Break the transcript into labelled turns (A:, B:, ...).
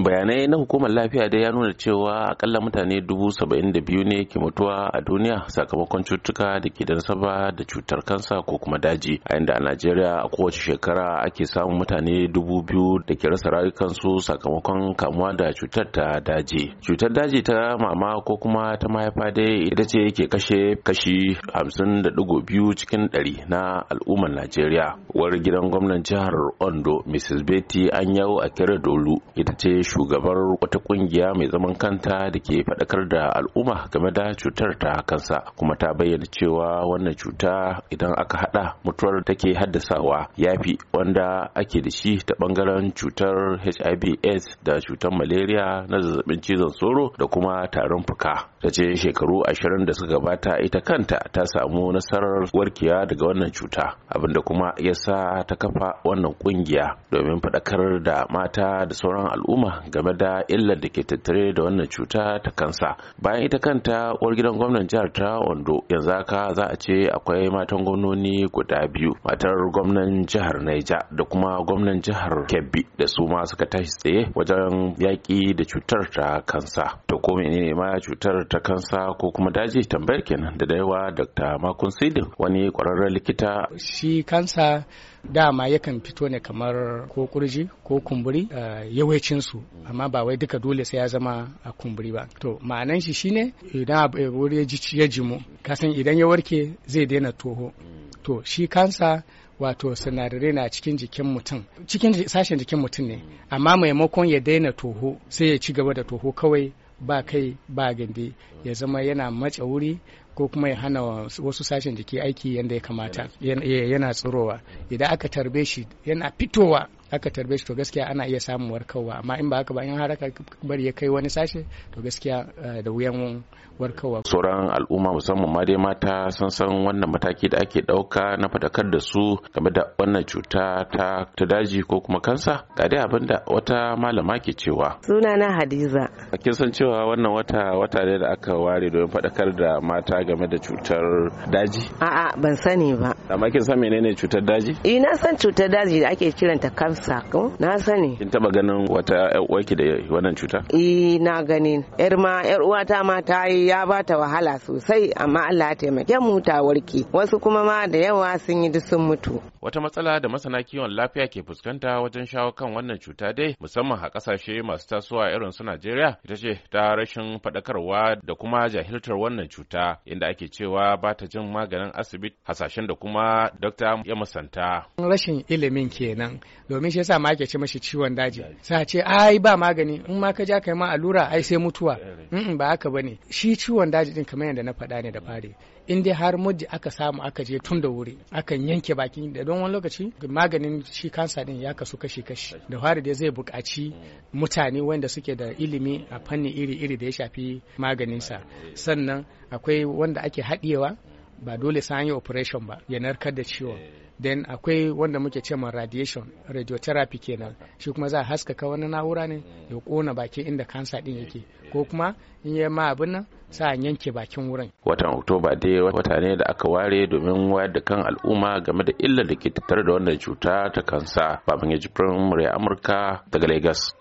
A: bayanai na hukumar lafiya da ya nuna cewa akalla mutane dubu saba'in da biyu ne ke mutuwa a duniya sakamakon cutuka da ke da nasaba da cutar kansa ko kuma daji a inda a najeriya a kowace shekara ake samun mutane dubu biyu da ke rasa rayukansu sakamakon kamuwa da cutar ta daji cutar daji ta mama ko kuma ta mahaifa dai ita ce ke kashe kashi hamsin da digo biyu cikin ɗari na al'ummar najeriya uwar gidan gwamnan jihar ondo mrs betty anyau dolu ita ce shugabar wata kungiya mai zaman kanta da ke faɗakar da al'umma game da cutar ta kansa kuma ta bayyana cewa wannan cuta idan aka haɗa mutuwar take haddasawa yafi wanda ake da shi ta ɓangaren cutar hiv aids da cutar malaria na zazzabin cizon sauro da kuma tarin fuka ta ce shekaru ashirin da suka gabata ita kanta ta samu nasarar warkewa daga wannan cuta abinda kuma ya sa ta kafa wannan kungiya domin faɗakar da mata da sauran al'umma game da illar da ke tattare da wannan cuta ta kansa bayan ita kanta uwar gidan gwamnan jihar ta ondo yanzu haka za a ce akwai matan gwamnoni guda biyu matar gwamnan jihar naija da kuma gwamnan jihar kebbi da su ma suka tashi tsaye wajen yaƙi da cutar ta kansa to ko menene ma cutar ta kansa ko kuma daji tambayar kenan da daiwa dr makun sidin wani kwararren likita
B: shi kansa dama yakan fito ne kamar ko kurji ko kumburi eh, yawancin su amma ba wai duka dole sai ya zama a kumburi ba to ma'anan shi shine idan eh, wuri ya ji ya jimu kasan idan ya warke zai daina toho to shi kansa wato sinadarai na cikin jikin mutum cikin sashen jikin mutum ne amma maimakon ya daina toho sai ya ci gaba da toho kawai ba kai ba gindi ya zama yana matse wuri ko kuma ya hana wasu sashen jiki aiki yadda ya kamata yana tsirowa idan aka tarbe shi yana fitowa aka tarbe shi to gaskiya ana iya samun warkarwa amma in ba haka ba in har aka bari ya kai wani sashe to gaskiya eh, da wuyan warkarwa
A: sauran al'umma musamman ma dai mata sun san wannan mataki da ake dauka na fadakar da su game da wannan cuta ta ta daji ko kuma kansa ga dai abin da wata malama ke cewa
B: sunana hadiza
A: kin san cewa wannan wata wata ne da aka ware don fadakar da mata game da cutar daji a'a ban sani ba amma kin san menene cutar daji
B: Ina eh, san cutar daji da ake kiranta kansa sako na sani
A: kin taba ganin wata uwarki da wannan cuta
B: eh na gani yar ma yar uwata ma ta yi ya ba ta wahala sosai amma Allah ya taimake mu ta warke wasu kuma ma da yawa sun yi duk sun mutu
A: wata matsala da masana kiwon lafiya ke fuskanta wajen shawo kan wannan cuta dai musamman a kasashe masu tasowa irin su Najeriya ita ce ta rashin faɗakarwa da kuma jahiltar wannan cuta inda ake cewa ba ta jin maganin asibiti hasashen da kuma dokta ya musanta
B: rashin ilimin kenan domin shi yasa ma ake ce mashi ciwon daji sa a ce ai ba magani in ma ka ja kai ma allura ai sai mutuwa in ba haka bane shi ciwon daji din kamar yadda na faɗa ne da fari in dai har muddi aka samu aka je tun da wuri akan yanke bakin da don wani lokaci maganin shi kansa din ya kasu kashi kashi da fari dai zai buƙaci mm. mutane wanda suke da ilimi a fanni iri iri da ya shafi maganin sa sannan akwai wanda ake haɗiyewa ba dole sai an yi operation ba ya narkar da ciwon eh. then akwai wanda muke ce radiation radiotherapy kenan shi kuma za a haskaka wani na'ura ne ya kona bakin inda kansa din yake ko kuma in yi ma abin nan sa a yanke bakin wurin
A: watan oktoba dai wata ne da aka ware domin wayar da kan al'umma game da illar da ke tattare da wannan cuta ta kansa babban ya jibrin murya amurka daga lagos